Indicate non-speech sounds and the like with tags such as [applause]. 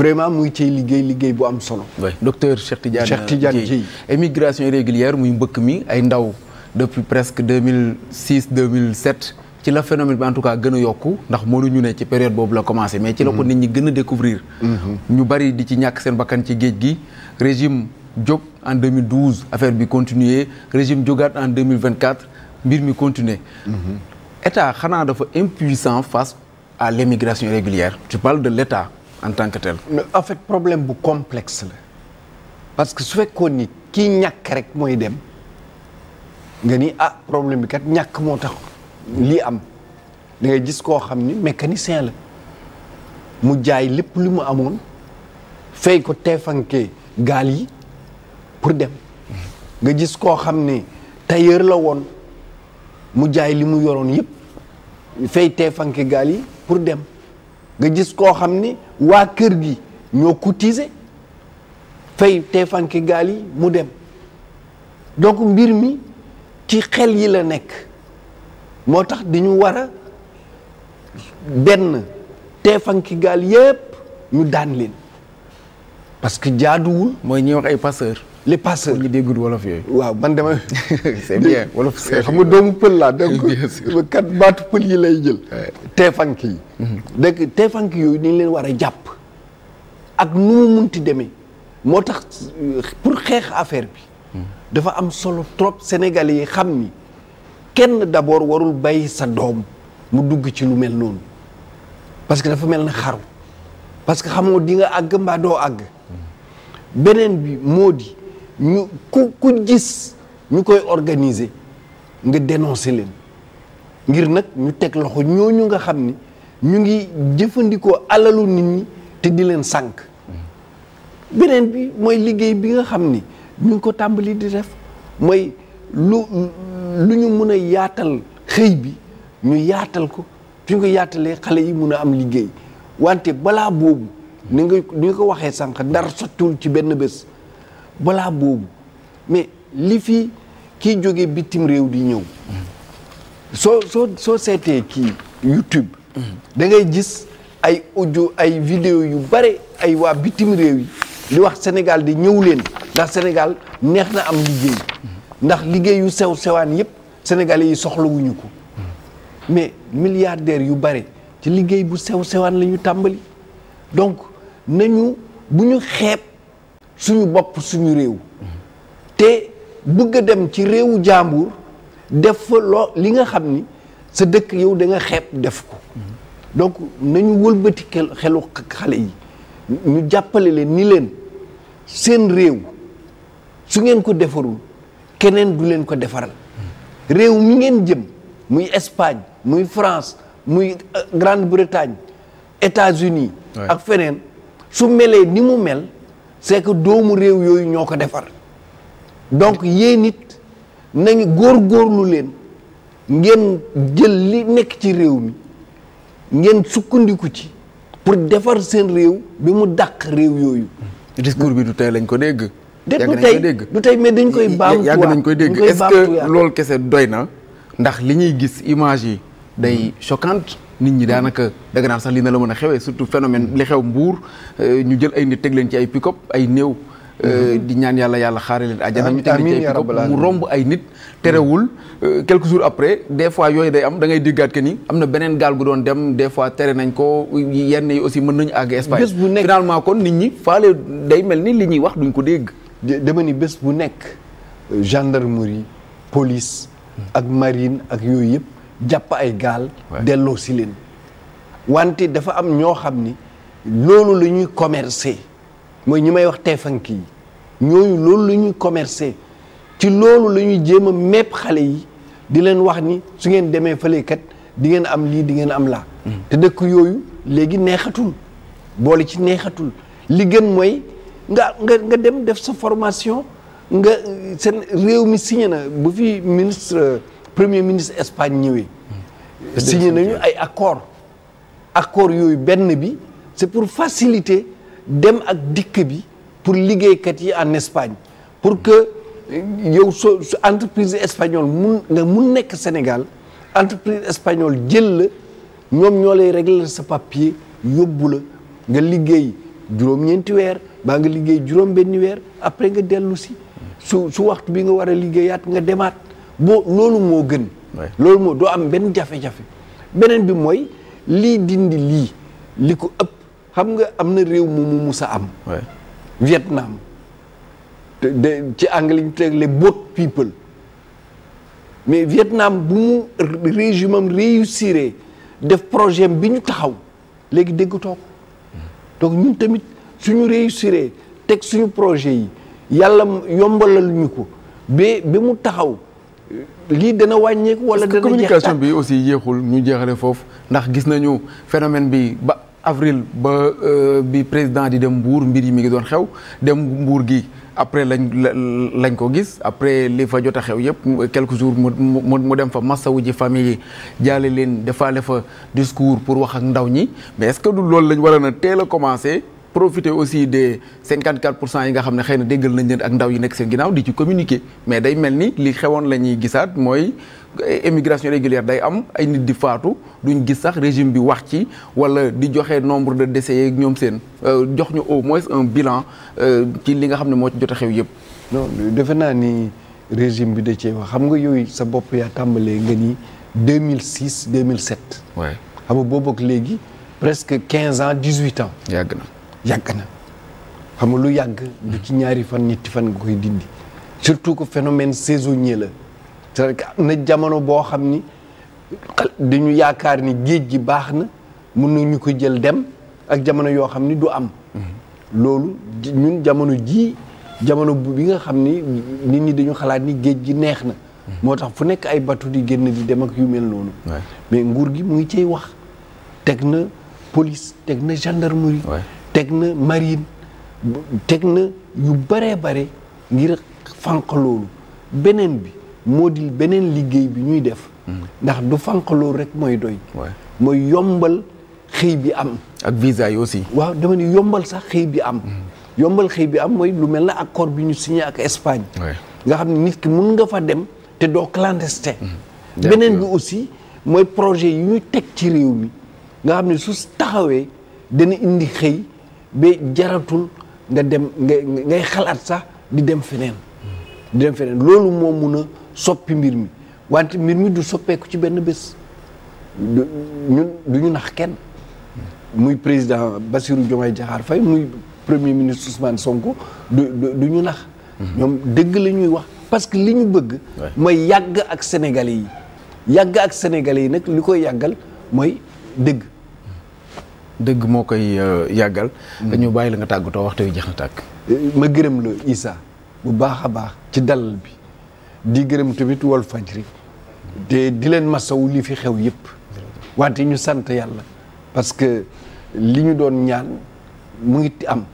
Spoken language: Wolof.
vraiment mu ngi ciy liggéey liggéey bu am solo. docteur Cheikh Tidiane Cheikh Tidiane émigration irrégulière muy mbëkk mi ay ndaw depuis presque 2006 2007. ci la phénomène bi en tout cas gën a yokk ndax mënuñu ne ci période boobu la commencé mais ci la ko mm-hmm. nit ñi gën a découvrir mm-hmm. ñu bari di ci ñàkk seen bakkan ci géej gi régime Diop en 2012 affaire bi continuer régime Diogaat en 2024 mbir mi continuer mm-hmm. état xanaa dafa impuissant face à l' émigration irrégulière tu pale de l' en tant que tel. mais en fait problème bu complexe la parce que su fekkoon nit kii ñàkk rek mooy dem nga ni ah problème bi kat ñàkk moo tax lii am da ngay gis koo xam ni mécanicien la mu jaay lépp lu mu amoon fay ko teefanke gaal yi pour dem nga gis koo xam ni tailleur la woon mu jaay li mu yoroon yëpp fay teefanke gaal yi pour dem nga gis koo xam ni waa kër gi ñoo cotiser fay teefanki gaal yi mu dem donc mbir mi ci xel yi la nekk moo tax dañu war a benn teefanki gaal yépp ñu daan leen parce que jaaduwul. mooy ñuy wax ay passeur. le passeurs ñu déggul wolof yooyu. waaw man dama. [laughs] bien wolof [laughs] c'est xam nga doomu pël laa donc [laughs] kat baatu pël yi lay jël. teefank yi. Mhm. dégg teefank yooyu ni leen war a jàpp. ak nu mu munti demee. moo tax pour xeex affaire bi. Mhm. dafa am solo trop sénégal yi xam ni kenn d'abord warul bàyyi sa doom mu dugg ci lu mel noonu parce que dafa mel na xaru parce que xamoo di nga àgg mbaa doo àgg mhm. beneen bi moo di. ñu ku ku gis ñu koy organiser nga dénoncer leen ngir nag ñu teg loxo ñooñu nga xam ni ñu ngi jëfandikoo alalu nit ñi te di leen sànk beneen bi mooy liggéey bi nga xam ni ñu ngi ko tàmbali di def mooy lu lu ñu mën a yaatal xëy bi ñu yaatal ko su ñu ko yaatalee xale yi mun a am liggéey wante balaa boobu ni nga ni nga ko waxee sànq ndar sottul ci benn bés balaa boobu mais li fi kii jóge bitim réew di ñëw soo soo soo seetee kii YouTube da ngay gis ay audio ay vidéo yu bare ay waa bitim réew yi li wax Sénégal di ñëw leen ndax Sénégal neex na am liggéey ndax liggéey yu sew sewaan yëpp Sénégalais yi soxlawuñu ko mais milliardaires yu bare ci liggéey bu sew sewaan la ñu tàmbali donc nañu bu ñu xeeb suñu bopp suñu réew te bugg a dem ci réewu jàmbur def fa loo li nga xam ni sa dëkk yow danga nga def ko donc nañu wëlbati xelu xale yi ñu jàppale leen ni leen seen réew su ngeen ko defarul keneen du leen ko defaral réew mi ngeen jëm muy Espagne muy France muy euh, Grande-Bretagne états uni ak feneen su melee ni mu mel c'est doomu réew yooyu ñoo ko defar donc yéen it góor góorgóorlu leen ngeen jël li nekk ci réew mi ngeen sukkandiku ci pour defar seen réew bi mu daq réew yooyu. discours bi du tey lañ ko dégg. yàgg nañ dégg du tey mais dañ koy. baamtuwaat yàgg nañ koy dégg est-ce que loolu kese doy na ndax li ñuy gis image yi day choquante. nit ñi daanaka dëgg naa sax lii na la mën a xewee surtout phénomène li xew mbuur euh, ñu jël ay nit teg leen ci ay pick ay néew euh, di ñaan yàlla yàlla xaare leen àjjana ñu teg leen ci ay pick-up mu romb ay nit terewul euh, quelques jours après des fois yooyu day am dangay ngay déggaat que ni am na beneen gaal gu doon dem des fois tere nañ ko yenn yi aussi mën nañu àgg Espagne finalement kon nit ñi faale day mel ni li ñuy wax duñ ko dégg dama ni bés bu nekk gendarmerie police ak marine ak yooyu yëpp jàpp ay gaal delloo si leen wante dafa am ñoo xam ni loolu la ñuy commercer mooy ñi may wax teefanki yi ñooñu loolu la ñuy commercer ci loolu la ñuy jéem a mépp xale yi di leen wax ni su ngeen demee fële kat di ngeen am lii di ngeen am laa hmm. te dëkk yooyu léegi neexatul boole ci neexatul li gën mooy nga nga nga dem def sa formation nga seen réew mi signé na bu fi ministre premier ministre Espagne ñëwee. signé nañu ay accord accord yooyu benn bi c'est pour faciliter dem ak dikk bi pour liggéeykat yi en Espagne pour que yow soo entreprise espagnole mun nga nekk Sénégal entreprise espagnole jël la ñoom ñoo lay régler sa papier yóbbu la nga liggéey juróom-ñeenti weer baa nga liggéey juróom-benni weer après nga dellu si su su waxtu bi nga war a liggéeyaat nga demaat. boo loolu moo gën. loolu moo doo am benn jafe-jafe. beneen bi mooy lii dindi lii li ko ëpp xam nga am na réew mu mu mus a am. Vietnam de ci anglais ñu teg le boat people mais Vietnam bu mu régime am def projet bi ñu taxaw léegi dégg toog toog ñun tamit suñu réussir teg suñu projet yi yàlla yombalal ñu ko ba mu taxaw. lii dana wàññeeku wala dana communication bi aussi yéexul ñu jeexale foofu ndax gis nañu phénomène bi ba avril ba euh, bi président di dem mbuur mbir yi mi ngi doon xew dem mbuur gi après lañ lañ ko gis après li fa jot a xew yëpp quelques jours mu mu dem fa massawu ji famille yi jaale leen defaale fa discours pour wax ak ndaw ñi mais est-ce du loolu lañu war a na teel a commencé profité aussi des 54 pour cent yi nga xam ne xëy na déggal na leen ak ndaw yi nekk seen ginnaaw di ci communiquer mais day mel ni li xewoon la ñuy gisaat mooy émigration régulière day am ay nit di faatu duñ gis sax régime bi wax ci wala di joxe nombre de décès yeeg ñoom seen euh, jox ñu au moins un bilan euh, ci li nga xam ne moo ci jot a xew yëpp. non defe naa ni régime bi da cee wax xam nga yooyu sa bopp yaa tàmbalee nga ni 2006 2007. waay xam nga boo bokk léegi presque 15 ans 18 ans. yàgg na. yàgg na xam nga lu yàgg du ci ñaari fan ñetti fan nga koy dindi surtout que phénomène saisonnier la cest à am na jamono boo xam ni dañu yaakaar ni géej gi baax na mën nañu ko jël dem ak jamono yoo xam ni du am mm-hmm. loolu ñun jamono jii jamono bi nga xam ni nit ñi dañu xalaat ni géej gi neex na mm-hmm. moo tax fu nekk ay bateau di génn di dem ak yu mel noonu mais nguur gi mu ngi cay wax teg na police teg na gendarmerie teg na marine teg na yu bare bare ngir fànq loolu beneen bi moo di beneen liggéey bi ñuy def mm-hmm. ndax du fànq loolu rek mooy doy mooy yombal xëy bi am ak visa yi aussi waaw dama ne yombal sax xëy bi am mm-hmm. yombal xëy bi am mooy lu mel na accord bi ñu signé ak Espagne nga xam ne nit ki mun nga fa dem te doo clandestin mm-hmm. beneen bi aussi mooy projet yi ñu teg ci réew mi nga xam ne su taxawee dana indi xëy ba jaratul nga dem nga ngay xalaat sax di dem feneen di dem feneen loolu moo mun a soppi mbir mi wante mbir mi du soppeeku ci benn bés du ñun du ñu nax kenn muy président basiru Diomaye Diakhar Faye muy premier ministre Ousmane Sonko du du ñu nax mhm. ñoom dëgg la ñuy wax parce que li ñu bëgg may yàgg ak sénégalais yi yàgg ak sénégalais yi nag li koy yàggal mooy dëgg dëgg moo koy euh, yàggal. Mm. ñu bàyyi la nga tàggatoo waxtu wi jeex na tàkk. Eh, ma gërëm la Issa bu baax a baax ci dalal bi di gërëm tamit Walfadjri te di leen masawu li fi xew yëpp. wante ñu sant yàlla parce que li ñu doon ñaan mu ngi am